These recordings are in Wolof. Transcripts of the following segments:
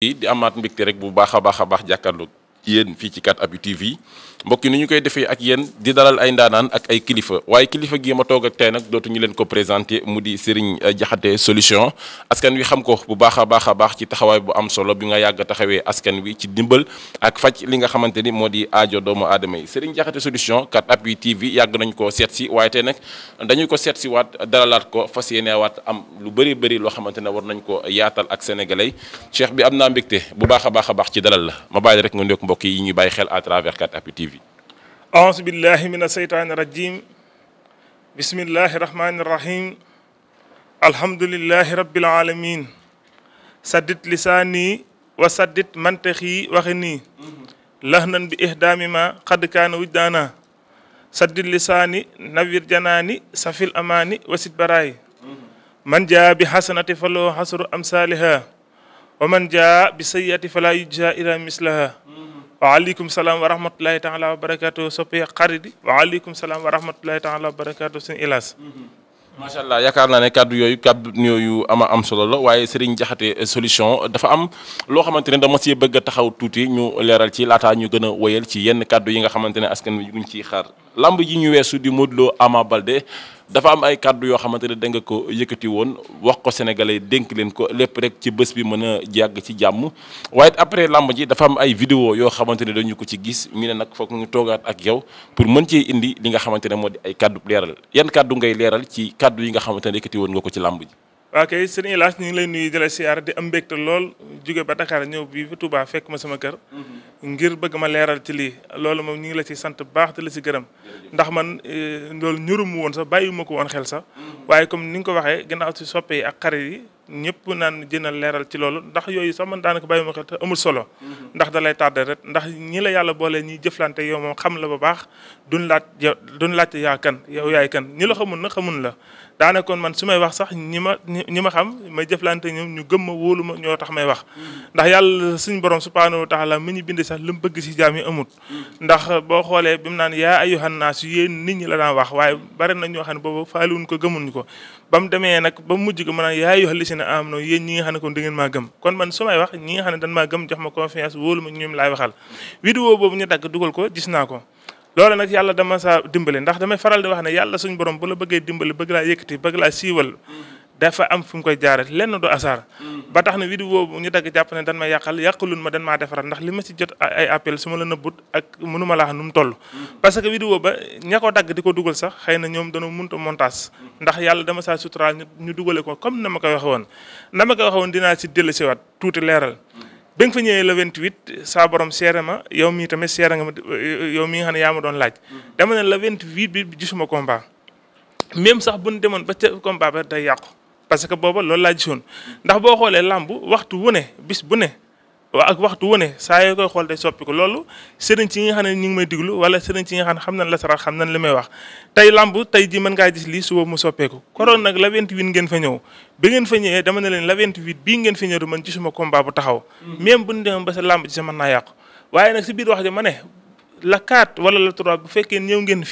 di amaat mbégte rek bu baax a baax a baax jàkkaarloog yéen fii ci kat appuis TV mbokk yi ni ñu koy defee ak yéen di dalal ay ndaanaan ak ay kilifa waaye kilifa gii ma toog ak tey nag dootuñu leen ko présenté mu di Serigne jaxate euh, solution askan wi xam ko bu baax a baax a baax ci taxawaay bu am solo bi nga yàgg taxawee askan wi ci dimbal ak faj li nga xamante ni moo di aajo doomu aadama yi Serigne Diakhaté solution 4appuis TV yàgg nañ koo seet si waaye tey nag dañu ko seet si waat dalalaat ko fas yéeneewaat am lu bëri bëri loo xamante ne war nañ ko yaatal ak sénégalais cheikh bi am naa mbégte bu baax a baax baax ci dalal la ma rek nga ndékk mbokk yi ñuy bàyyi xel à travers 4appuis TV. aouzu billahi mina seytaani rajim bismillahi rahmaani rahim alhamdulillahi rabbil alamin saddit lisaani wa saddit mantaxi waxe lahnan bi ihdaami ma kaana wujdaana saddit lisaani nawir janaani safil amaani wasit baraay man jaa bi xasanati faloo xasru amsaaliha wa man jaa bi sayyiati falaa yujza ila mislaha waaleykum salaam wa rahmatulahi taala wa barakaatu soppi xarit yi waaleykum salaam wa rahmatulahi taala wa barakaatu sëñ Ilaas macha allah yaakaar naa ne kàddu yooyu kaddu yooyu ama am solo la waaye Serigne Diakhaté euh, solution euh, dafa am loo xamante ne dama si bëgg taxaw tuuti ñu leeral ci laataa ñu gën a woyal ci yenn kàddu yi nga xamante ne askan wi ñu ngi ciy xaar lamb yi ñu weesu di Modou Lo Ama Baldé dafa am ay kàddu yoo xamante ne da nga ko yëkkati woon wax ko sénégalais dénk leen ko lépp rek ci bés bi mën a jàgg ci jàmm waaye après làmb ji dafa am ay vidéo yoo xamante ne dañu ko ci gis mi ne nag foog ñu toogaat ak yow pour mën ci indi li nga xamante ne moo di ay kàddu leeral yan kàddu ngay leeral ci kàddu yi nga xamante ne yëkkati woon nga ko ci làmb ji waa kay sëñ El Hadj ñu ngi lay nuyu di si siyaar di am mbégte lool jóge ba Dakar ñëw bi fi fekk ma sama kër. Mm-hmm. ngir bëgg ma leeral ci lii loolu moom ñu ngi la ci sant baax di la si gërëm. ndax man eh, loolu ñurum woon sax bàyyi ma ko woon xel sax. Mm-hmm. waaye comme ni nga ko waxee gannaaw si soppee yi ak xarit yi. ñëpp naan dina leeral ci loolu ndax yooyu sax man daanaka bàyyi ma xel te amul solo. ndax da lay tardé rek ndax ñi la yàlla boole ñiy jëflante yow moom xam la ba baax duñ laaj yow duñ laajte yaa kan yow yaay kan ñi la xamul na xamul la. daanaka kon man su may wax sax ñi ma ñi ma xam may jëflante ñoom ñu gëm ma wóolu ma ñoo tax may wax. ndax yàlla suñu borom subhaanahu wa taala mi ñu bind sax li mu bëgg si jaam yi amut. ndax boo xoolee bi mu naan yaa ayyuhan naas yéen nit ñi la daan wax waaye bari na ñoo xam ne boobu faaluwuñ ko gëmuñ ko ba mu lazina amanu yéen ñi nga xam ne kon gëm kon man su wax ñi nga xam ne gëm jox ma confiance wóolu ma ñoom laay waxal vidéo boobu ñu dagg dugal ko gis naa ko loolu nag yàlla dama sa dimbale ndax damay faral di wax ne yàlla suñ borom bu la bëggee dimbale bëgg laa yëkkati bëgg laa siiwal dafa am fu mu koy jaare lenn du asaar mm. ba tax na vidéo boobu ñu dagg jàpp ne dañ ma yàqal yàqalun ma dañ maa defaral ndax li ma ci jot ay appel su ma la ak mënu ma laax nu mu toll mm. parce que vidéo ba ña ko dagg di ko dugal sax xëy na ñoom dañoo mënta montage mm. ndax yàlla dama saa suturaal ñu dugale ko comme na ma koy waxe woon na ma koy waxe woon dinaa si dellu siwaat tuuti leeral bi nga fa ñëwee le 28 saa borom seere ma yow mii tamit seere nga ma yow mii nga xam ne yaa ma doon laaj dama ne le 28 bi gisuma combat même sax buñ demoon ba ca combat ba day parce que booba loolu laa gisoon ndax boo xoolee làmb waxtu wu ne bis bu ne waaw ak waxtu wu ne saa yoo koy xool day soppi ko loolu sëriñ ci nga xam ne ñu ngi may diglu wala sëriñ ci nga xam ne xam nañ la sarax xam nañ li may wax tey làmb tey ji mën ngaa gis lii suba mu soppeeku koroon nag la 28 ngeen fa ñëw bi ngeen fa leen la 28 bii ngeen fa ñëw man ci suma combat bu taxaw mm-hmm. même bu ñu demee ba sa làmb ci sa mën naa yàqu waaye nag si biir wax ja ma ne la 4 wala la 3 bu fekkee ñëw ngeen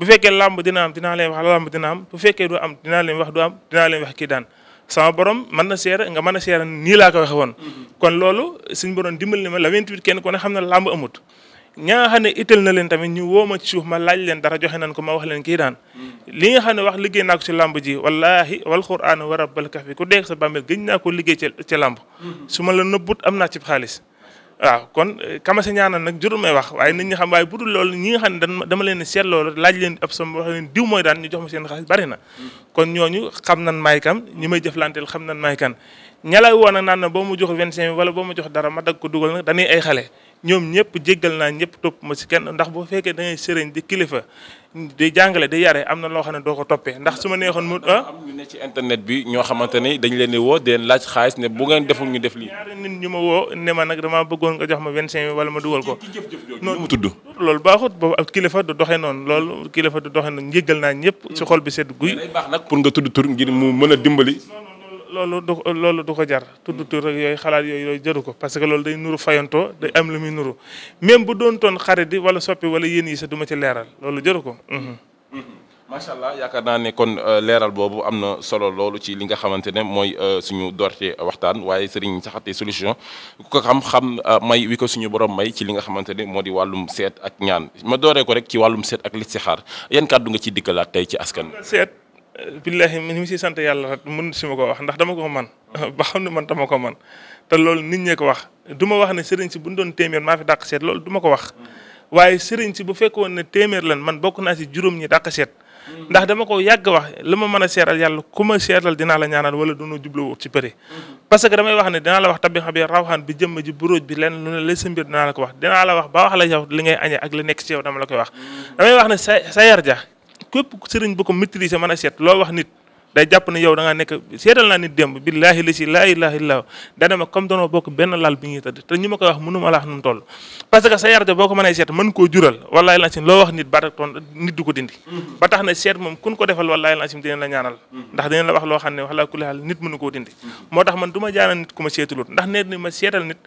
bu fekkee làmb dina am dinaa leen wax làmb dina am bu fekkee du am dinaa leen wax du am dinaa leen wax kii daan sama borom man na seere nga mën a seere nii laa ko waxee woon. Mhm. kon loolu suñu borom dimbal na ma la 28 kenn ku ne xam na làmb amut. ñaa nga xam ne itteel na leen tamit ñu woo ma ci suuf ma laaj leen dara joxe nañ ko ma wax leen kii daan. Mhm. li nga xam ne wax liggéey naa ko ci làmb ji wallaahi wal quraan wa rabbal kafi ku dee sa bàmmeel gëj naa ko liggéey ca ca làmb. Mhm. su ma la nëbbut am naa ci xaalis. waaw kon eh, kamase ñaanal nag jurul may wax waaye nit ñi xam waaye bu dul loolu ñi nga xam ne dama leen seet loolu laaj leen ab sama wax leen diw mooy daan ñu jox ma seen xaalis bari na kon ñooñu xam nan maay kan ñi may jëflanteel xam nan maay kan ña lay woon nag naan na boo mu jox vingt-cinq mille wala boo ma jox dara ma dag ko dugal nag dañuy ay xale ñoom ñëpp jéggal naa ñëpp topp ma si kenn ndax boo fekkee da ngay di kilifa di jàngale di yare am na loo xam ne doo ko toppee ndax su ma neexoon mu ah. am ñu ne ci bi ñoo xamante dañ leen di woo di laaj xaalis ne bu ngeen deful ñu def lii ñaari ñu ma woo ne ma nag damaa bëggoon nga jox ma vingt cinq mille wala ma dugal ko noonu mu tudd loolu baaxut boobu ak kilifa du doxee noonu loolu kilifa du doxee noonu jéggal naa ñëpp mm. si xol bi sedd guy baax pour nga tudd tur ngir mu mën a dimbali loolu du loolu du ko jar. tudd tur yooyu xalaat yooyu yooyu jaru ko parce que loolu day nuru fayantoo day am la muy nuru même bu doon toon xare di wala soppi wala yéen yi sax du ci leeral loolu jaru ko. Mhm. Mhm. macha allah yaakaar naa ne kon euh, leeral boobu am na solo loolu ci li nga xamante ne mooy euh, suñu doorte waxtaan waaye Serigne Diakhaté solution ko xam xam euh, may wi ko suñu borom may ci li nga xamante ne moo di wàllum seet ak ñaan ma dooree ko rek ci wàllum seet ak listixaar yan kàddu nga ciy dikkalaat tey ci askan seet billahi ni mu si sant yàlla rek mën si ma ko wax ndax dama ko man ba xam ne man dama ko man te loolu nit ñee wax du ma wax ne sëriñ si bu doon téeméer maa fi dàq seet loolu du ma ko wax waaye sëriñ si bu ne téeméer lan man bokk naa si juróom ñi dàq seet ndax dama ko yàgg wax li ma mën a seetal ku ma seetal dinaa la ñaanal wala dunu jublu ci përi parce que damay wax ne la wax tabi xam bi rawxaan bi jëmm ji buróoj bi lenn lu ne lay sa la wax dinaa la wax la yow li ngay añee ak la koy wax damay wax ne sa yar ja képp sëriñ bu ko maîtriser mën a seet loo wax nit day jàpp ne yow da ngaa nekk seetal naa ni démb billaahi la si laa ilaaha illallaah dana ma comme danoo bokk benn lal bi ñuy tëdd te ñu ma koy wax mënu ma la wax nu mu toll parce que sa yarde boo ko mënee seet mën koo jural wallaahi la si loo wax nit baat ak toon nit du ko dindi mm-hmm. ba tax na seet moom kun ko defal wallaahi la si dina la ñaanal mm-hmm. ndax dina la wax loo xam ne wax laa kulli xaal nit mënu koo dindi mm-hmm. moo tax man du ma jaanal nit ku ma seetalut ndax neet ni ma seetal nit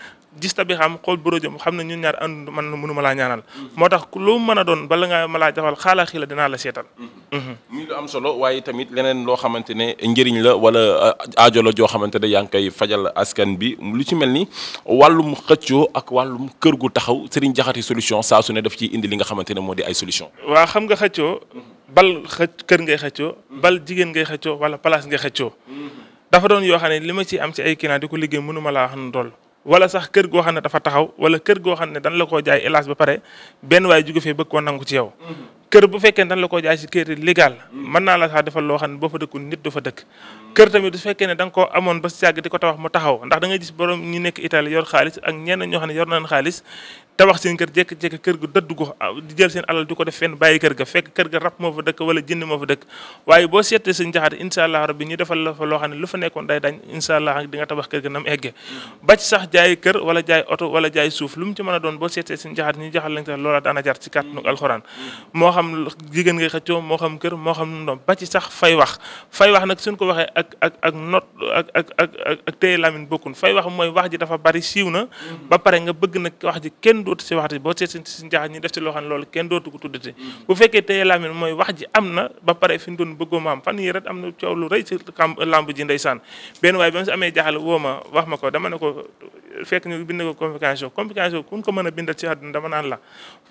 gis ta bi xam xool borojëm xam ne ñun ñaar ànd man mënu ma laa ñaanal moo tax lu mën a doon bala nga ma laa jafal xaalaa xii la dinaa la seetal muy lu am solo waaye tamit leneen loo xam xamante ne njëriñ la wala euh, aajo la joo xamante ne yaa ngi koy fajal askan bi lu ci mel ni wàllum xëccoo ak wàllum kër gu taxaw Serigne jaxati solution saa su ne def ci indi li nga xamante ne moo di ay solution waa xam nga xëccoo bal xëcc kër ngay xëccoo bal jigéen ngay xëccoo wala place ngay xëccoo dafa doon yoo xam ne li ma ci am ci ay client di ko liggéey mënuma laa xam na dool wala sax kër goo xam ne dafa taxaw wala kër goo xam ne dañ la koo jaay hélas ba pare benn waaye jóge fee bëgg koo ci yow kër bu fekkee ne dañ la ko jaay si kër légal mën naa la sax defal loo xam ne boo fa dëkkul nit du fa dëkk kër tamit du fekkee ne da nga ko amoon ba si yàgg di ko tabax mu taxaw ndax da ngay gis borom ñi nekk Italie yor xaalis ak ñenn ñoo xam ne yor nañ xaalis tabax seen kër jékki-jékki kër ga dëdd ko ah, di jël seen alal di ko def fenn bàyyi kër ga fekk kër ga rab moo fa dëkk wala jënd moo fa dëkk waaye boo seetee sëñ jaxate incha allah rabbi ñu defal la fa loo xam ne lu fa nekkoon day dañ incha allah di tabax kër ga nam egge mm-hmm. ba ci sax jaay kër wala jaay oto wala jaay suuf lu mu ci mën a doon boo seetee sëñ jaxate ñu jaxal lañ tax loola daana jar ci kàttanu mm-hmm. alxuraan mm-hmm. moo xam jigéen ngay xëccoo moo xam fay wax fay mooy wax ji dafa bari siiw na ba pare nga bëgg nag wax ji dootu si waxati boo seet ma am fan yi rek am na coow lu rëy si lamb ji ndeysaan benn waaye ba dama naan la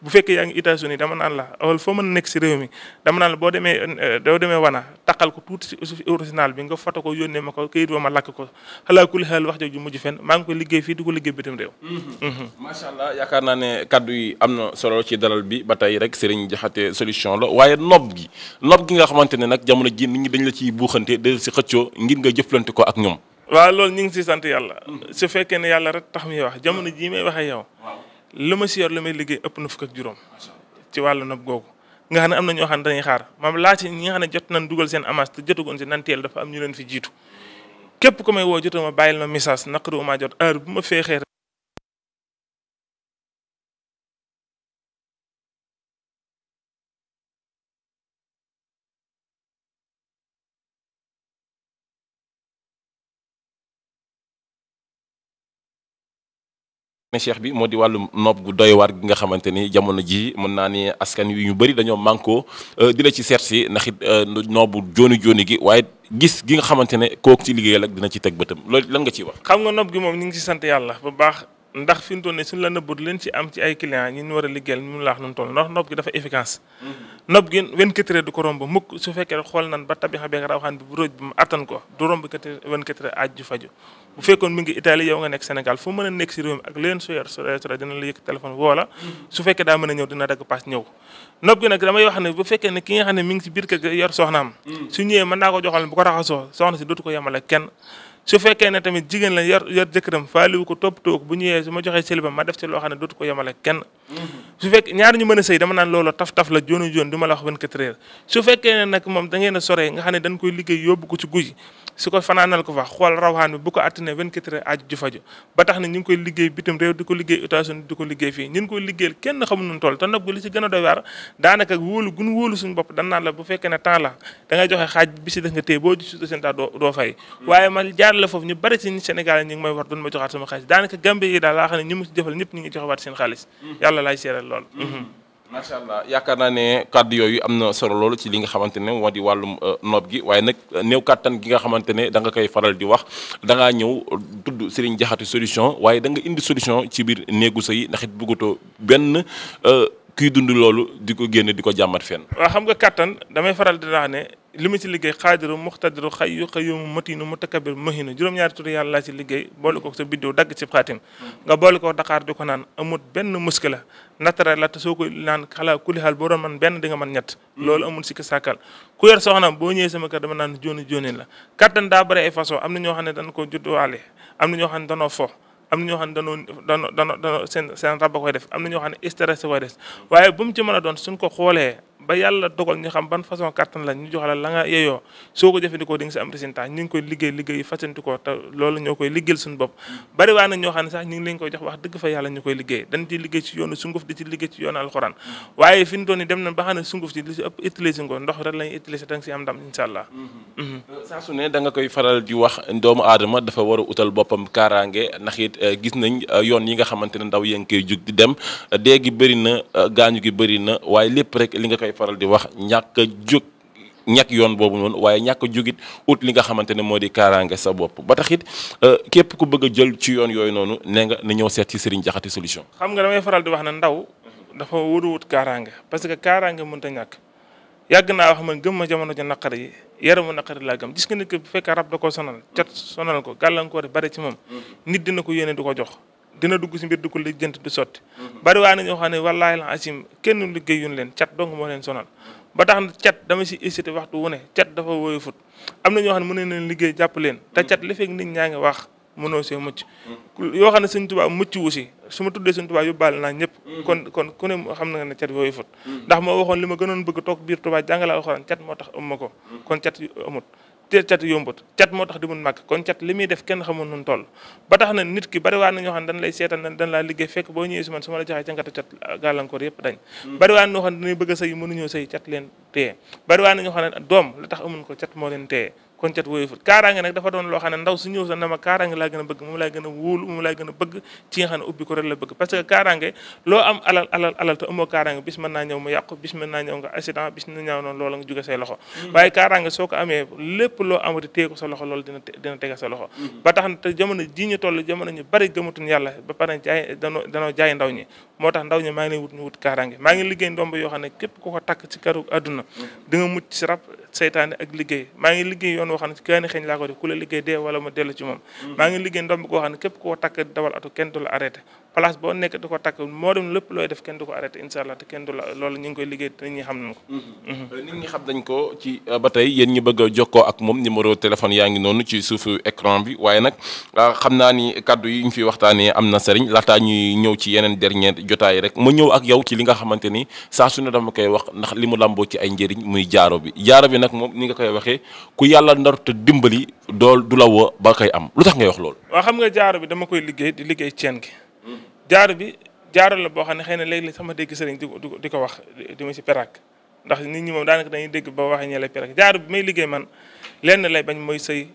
bu fekkee yaa ngi États-Unis dama naan la wala foo mën a nekk si réew mi dama naan la boo demee euh, doo demee wana taqal ko tuuti original bi nga foto ko yónnee ma ko këyit ba ma lakk ko xalaa kul xel wax jooju mujj fenn maa ngi ko liggéey fii di ko liggéey bitim réew mm-hmm. Mm-hmm. naa ne kàddu yi am na solo ci dalal bi ba tey rek Serigne Jaxate solution la waaye nopp gi nopp gi nga xamante ne nag jamono ji nit ñi dañ la ciy buuxante del si xëccoo ngir nga jëflante ko ak ñoom. waaw loolu ñu ngi si sant yàlla. su fekkee ne yàlla rek tax muy wax jamono jii may waxee yow. lu ma si yor lu may liggéey ëpp na fukk ak juróom. ci wàllu nopp googu. nga xam ne am na ñoo xam ne dañuy xaar maam laa ci ñi nga xam ne jot nañ dugal seen amas cheikh bi moo di wàllum nopp gu doy waar gi nga xamante ni jamono ji mën naa ni askan wi ñu bëri dañoo manko euh, dina ci seet si ndax it euh, noobu jooni jooni gi waaye gis gi nga xamante ne kooku ci liggéeyal ak dina ci teg bëtam loolu lan nga ciy wax. xam nga nopp gi moom ñu ngi ci sant yàlla bu baax ndax fi mu toll nii suñ la nëbbut leen ci am ci ay clients ñi ñu war liggéeyal ñu laax nun toll ndax nopp gi dafa efficace mm-hmm. nopp gi 24 xool nan ba tabixa beek mm-hmm. ne bu fekkee ne ki nga xam ne mi ngi biir kër yor soxnaam mm. su ñëwee mën naa ko joxal bu ko raxasoo soxna si dootu ko yemale kenn su fekkee ne tamit jigéen la yar yar jëkkëram faaliwu ko toppatoo ko bu ñëwee su ma joxee célibam ma def ci xam ne dootu ko yemale kenn mm-hmm. su fekkee ñaar ñu mën a sëy dama naan loolu taf-taf la joonu joon du ma la wax 24 heures su fekkee ne nag moom da ngeen a soree nga xam ne dañ koy liggéey yóbbu ko ci guy su ko fanaanal ko fa xool rawxaan bi bu ko attane 24 heures aaj ju faju ba tax na ñu ngi koy liggéey bitim réew di ko liggéey États-Unis di ko liggéey fii ñun koy liggéeyal kenn xamu nun toll te nag li ci gën a doo hmm. waaye ma jaar foofu ñu bari ci Sénégal ñu ngi war doon ma joxaat sama xaalis hmm. yàlla laay seeral lool hmm. macha allah yaakaar naa ne kàddu yooyu am na solo loolu ci li nga xamante ne moo di wàllum euh, nopp gi waaye nag euh, néew kàttan gi nga xamante ne da nga koy faral di wax da ñëw tudd Serigne jaxati solution waaye da nga indi solution ci biir néegu sëy ndax it bëggatoo benn euh, kuy dund loolu di ko génne di ko jàmmat fenn. waaw xam nga kàttan damay faral di wax ne. li ci liggéey xaadiru muxtadiru xayyu xayyumu matinu mutakabir mahinu juróom-ñaari tur yàlla laa ci liggéey boole ko sa biddiw dagg ci xaatim nga boole ko daqaar di ko naan amut benn muskila nattara la te soo ko naan xalaa kuli xaal boo doon man benn di nga mën ñett hmm. loolu amul sikki sàkkal ku yor soxnaam boo ñëwee sama kër dama naan jóoni jóoni la kattan daa bare ay façon am na ñoo xam ne dañ ko judduwaale am na ñoo xam ne danoo fo am na ñoo xam ne danoo danoo danoo danoo seen rab koy def am na ñoo xam ne stress koy def hmm. waay bu mu doon suñ ko xoolee ba yàlla dogal ñu xam ban façon kattan la ñu jox la la nga yeyoo soo ko jëfandikoo di si am résultat ñu ngi koy liggéey liggéey fasantikoo te loolu ñoo koy liggéeyal suñu bopp bari waa na sax ñu ngi leen koy jox wax dëgg fa yàlla koy liggéey dañ ci liggéey ci yoonu sunguf di ci liggéey ci yoonu alxuraan waaye fi ñu doon dem na ba xam ne sunguf si li si ëpp utiliser ko ndox rek lañuy utiliser da nga si am ndam insha allah mm-hmm. saa su ne danga koy faral di wax doomu aadama dafa war a utal boppam kaaraange ndax it eh, gis nañ eh, yoon yi nga xamante ne ndaw yéngi koy jug di dem dee bëri na eh, gaañu gi bëri na waaye lépp rek li nga koy faral di wax ñàkk a jóg ñàkk yoon boobu noonu waaye ñàkk a jógit ut li nga xamante ne moo di kaaraange sa bopp ba taxit euh, képp ku bëgg a jël ci yoon yooyu noonu ne nga na ñëw seet ci Serigne Diakhaté solution. xam nga damay faral di wax ne ndaw dafa wóor wut kaaraange parce que kaaraange mënut a ñàkk yàgg naa wax man gëm ma jamono ji naqar yi yaramu naqar laa gëm gis nga ne fekk bu fekkee rab da koo sonal cat sonal ko gàllankoor bari ci moom mm-hmm. nit dina ko yéene du ko jox dina dugg si mbir di ko lijjanti du sotti bari waa na ñoo xam ne wallaahi la asim kenn liggéeyuñ leen cat dong moo leen sonal ba tax na cat dama si incité waxtu wu ne cat dafa woyu fut am na ñoo xam ne mën nañ liggéey jàpp leen te cat li fekk nit ñaa ngi wax mënoo see mucc yoo xam ne sëñ Tuubaa mucc wu si su ma tuddee sëñ Tuubaa yóbbaale naa ñëpp kon kon ku ne xam na nga ne cat yooyu fut ndax moo waxoon li ma gënoon bëgg toog biir Tuubaa jàngale alxuraan cat moo tax ëmma ko te cat yombut cat moo tax di mun màgg kon cat li muy def kenn xamul nun toll ba tax na nit ki bari waa na ñoo xam ne dañ lay seetal na dañ laa liggéey fekk boo ñëwee si man su ma la joxee cangatu cat gàllankoor yëpp dañ hmm. bari waa xam ne dañuy a sëy mënuñoo sëy cat leen téye bari waa xam doom la tax amun ko cat moo leen téye kon cat wooyufut kaaraange ndaw su ñëw sa na kaaraange laa gën a bëgg moom laa gën a wóolu moom laa gën a bëgg ci nga xam ne ubbi ko rek la bëgg parce que kaaraange loo am alal alal alal te amoo kaaraange bis mën naa ñëw mu yàqu bis mën naa ñëw nga accident bis na ñaaw noonu loola nga jóge say loxo mm. waaye kaaraange soo ko amee lépp loo amati téye ko sa loxo loolu dina dina tega sa loxo mm. ba tax na te jamono ji ñu toll jamono ñu bari gëmatuñ yàlla ba pare ndaw ñi moo tax ndaw ñi maa ngi leen wut ñu wut kaaraange maa ngi liggéey ndomb yoo xam ne képp ku ko takk ci këru àdduna mm-hmm. di nga mucc si rab seytaane ak liggéey maa ngi liggéey yoon woo xam ne ci kaani xeeñ laa ko def ku la liggéey dee wala mu dellu ci moom mm-hmm. maa ngi liggéey ndomb koo xam ne képp ku ko takk dawal atu kenn du la place boo nekk di ko takk moo dem lépp looy def kenn du ko arrêté incha allah te kenn du la loolu ñu ngi xam nañ mm-hmm. euh, ko. ci euh, ba tey yéen ñi bëgg a jokkoo ak moom numéro téléphone yaa ngi noonu ci suufu écran bi waaye nag euh, xam naa ni kaddu yi ñu fi waxtaanee am na sëriñ laataa ñuy ñëw ci yeneen dernier jotaay rek ma ñëw ak yow ci li nga xamante ni saa su ne dama koy wax ndax li mu làmboo ci ay njëriñ muy jaaro bi jaaro bi nag moom ni nga koy waxee ku yàlla ndar te dimbali dool du la woo ba koy am lu tax ngay wax loolu. nga koy liggéey di liggéey ceen ki jaaro bi jaaru la boo xam ne xëy na léegi sama dégg sëriñ di ko di ko wax di ma si perak ndax nit ñi moom daanaka dañuy dégg boo waxee ñee lay perak jaaru bi may liggéey man lenn lay bañ mooy sëy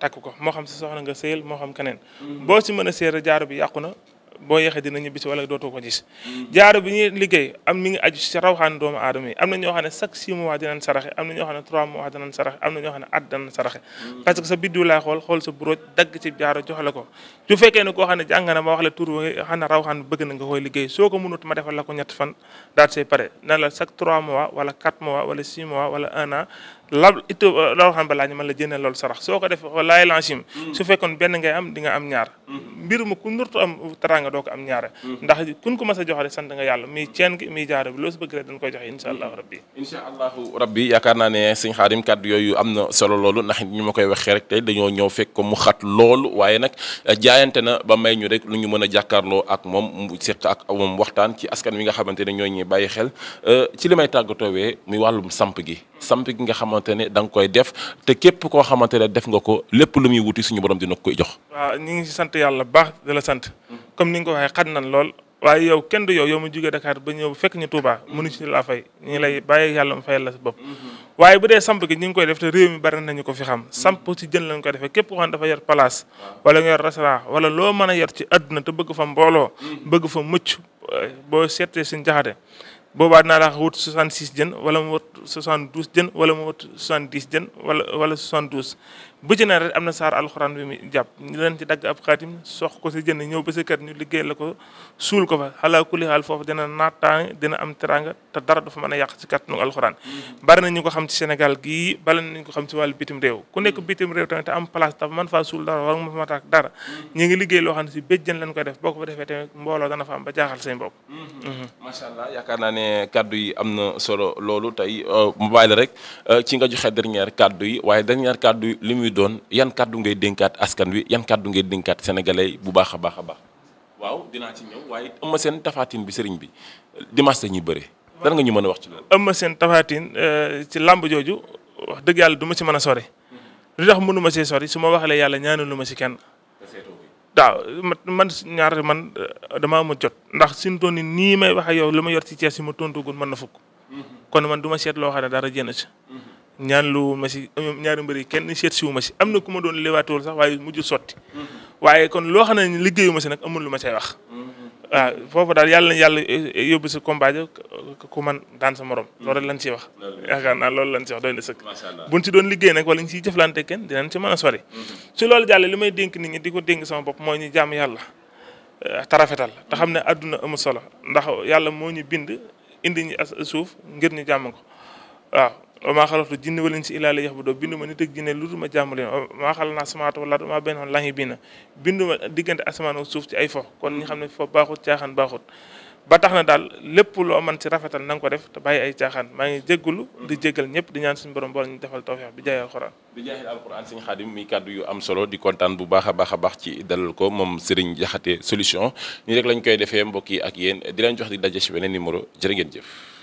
takk ko moo xam si soxna nga sëyal moo xam keneen mm-hmm. boo si mën a séer jaaro bi yàqu na boo yeexee dina ñibbi si wala dootoo ko gis jaaro bi ñuy liggéey am mi ngi aju si rawxaan doomu aadama yi am na ñoo xam ne six mois dinañ am na ñoo xam ne trois mois dinañ saraxe am na ñoo xam ne at dinañ saraxe parce que sa biddu xool xool sa buróoj dagg ci jaaro jox la ko su fekkee ne koo xam ne ma wax la tur nga xam ne rawxaan bëgg na nga koy liggéey soo ko mënut ma defal la ko ñett fan daal say pare na la trois mois wala quatre mois wala six mois wala un a la it eh, loo xam balaa ñu mën la jëndee loolu sarax soo ko def walaay lanchim mm. su fekkoon benn ngay am di am ñaar mm. mbir ma ku nurtu am teraanga doo ko am ñaar mm. ndax kun ko mas a jox sant nga yàlla muy ceen gi muy jaaro bëgg rek dañ koy joxe insha allahu rabbi insha allahu rabbi yaakaar naa ne sëñ xaadim yooyu am na solo loolu nax ñu ma koy waxee rek tey dañoo ñëw fekk ko mu xat loolu waaye nag eh, jaayante na ba may ñu rek lu ñu mën a jàkkaarloo ak moom seq ak moom waxtaan ci askan wi nga xamante ne ñoo ñuy bàyyi xel eh, ci li may tàggatoowee mi wàllum samp gi samp gi nga xamante ne da nga koy def te képp koo xamante ne def nga ko lépp lu muy wuti suñu borom dina ko koy jox. waaw ñu ngi si sant yàlla baax di la sant. comme ni nga ko waxee xat nan lool. waaye yow kenn du yow yow mu jógee Dakar ba ñëw fekk ñu Touba mënu ci laa fay ñu lay bàyyi yàlla mu fayal la sa bopp. waaye bu dee samp gi ñu ngi koy def te réew mi bari nañu ko fi xam. samp ci jën lañ koy defee képp koo xam dafa yar place. wala nga loo mën a yar ci àdduna bëgg fa mbooloo. bëgg fa mucc boo seetee suñ jaxate boobaa naa la wut 66 jën wala mu wut 72 jën wala mu wut 70 jën wala wala 72 bu ci ne rek am na saar alxuraan bi muy jàpp leen ci dagg ab xaatim sox ko si jënd ñëw ba sa ñu liggéey la ko suul ko fa xalaa kulli xaal foofu dina naataange dina am teraanga te dara du fa mën a yàq si alxuraan mm-hmm. bari na ñu ko xam ci Sénégal gii bari nañu ko xam ci wàllu bitim réew ku nekk mm-hmm. bitim réew tamit te am place dafa mën faa suul dara war nga ma fa dara mm-hmm. ñu liggéey loo xam ne si béjjën lañ ko def boo ko fa defee tamit mbooloo dana fa am ba jaaxal seen mu bàyyi la rek euh, ci nga joxe dernière kaddu yi wi doon yan kàddu ngay dénkaat askan wi yan kàddu ngay dénkaat sénégalais bu baax a baax a baax. waaw dinaa ci ñëw waaye Eumeu Sène Tapha Tine bi sëriñ bi dimanche la ñuy bëre. nga ñu mën a wax ci loolu. Eumeu Sène Tapha Tine euh, ci làmb jooju wax dëgg yàlla duma ci mën a sori. lu tax mënu ma see sori su ma waxalee yàlla ñaanalu ma si kenn. waaw man ñaar man euh, damaa ma jot ndax suñu toon nii may wax yow li ma yor ci Cees yi ma tontu gul mën na fukk. Mhm. kon man du seet loo xam ne dara jënd si. ñaan lu ma si ñaari mbër yi kenn seet siwu ma si am na ku ma doon lewaatool sax waaye mujj sotti waaye kon loo xam ne liggéeyu ma si nag amul lu ma say wax waaw foofu daal yàlla yàlla eh, eh, yóbbu sa combat ku man daan sa morom loolu lañ ciy wax yaakaar naa loolu lañ ci wax doy na sëkk buñ si doon liggéey nag wala ñu siy jëflante kenn mhm. loolu jàllee li may dénk nit ñi di ko dénk sama bopp mooy ñu jàmm yàlla eh, tarafetal te xam ne àdduna amul solo ndax yàlla moo ñu bind indi ñu as suuf ngir ñu jàmm ko waaw maa xalaqtu jinna wal insa illaa liya'buduun binduma nit ak jinne lu dul ma jaamu leen maa xalaqnaa samawaati wal arda wa maa baynahumaa laa'ibiin binduma diggante asamaan ak suuf ci ay fo kon ñu xam ne fo baaxut caaxaan baaxut ba tax na daal lépp loo man ci rafetal na nga ko def te bàyyi ay caaxaan maa ngi jéggulu di jéggal ñëpp di ñaan suñu borom bool ñu defal tawfiix bi jaay alxuraan bi jaay alxuraan sëñ Xaadim muy kàddu yu am solo di kontaan bu a baax a baax ci dalal ko moom Serigne Jaxate solution nii rek lañ koy defee mbokk yi ak yéen di leen jox di daje ci beneen numéro jërë ngeen jëf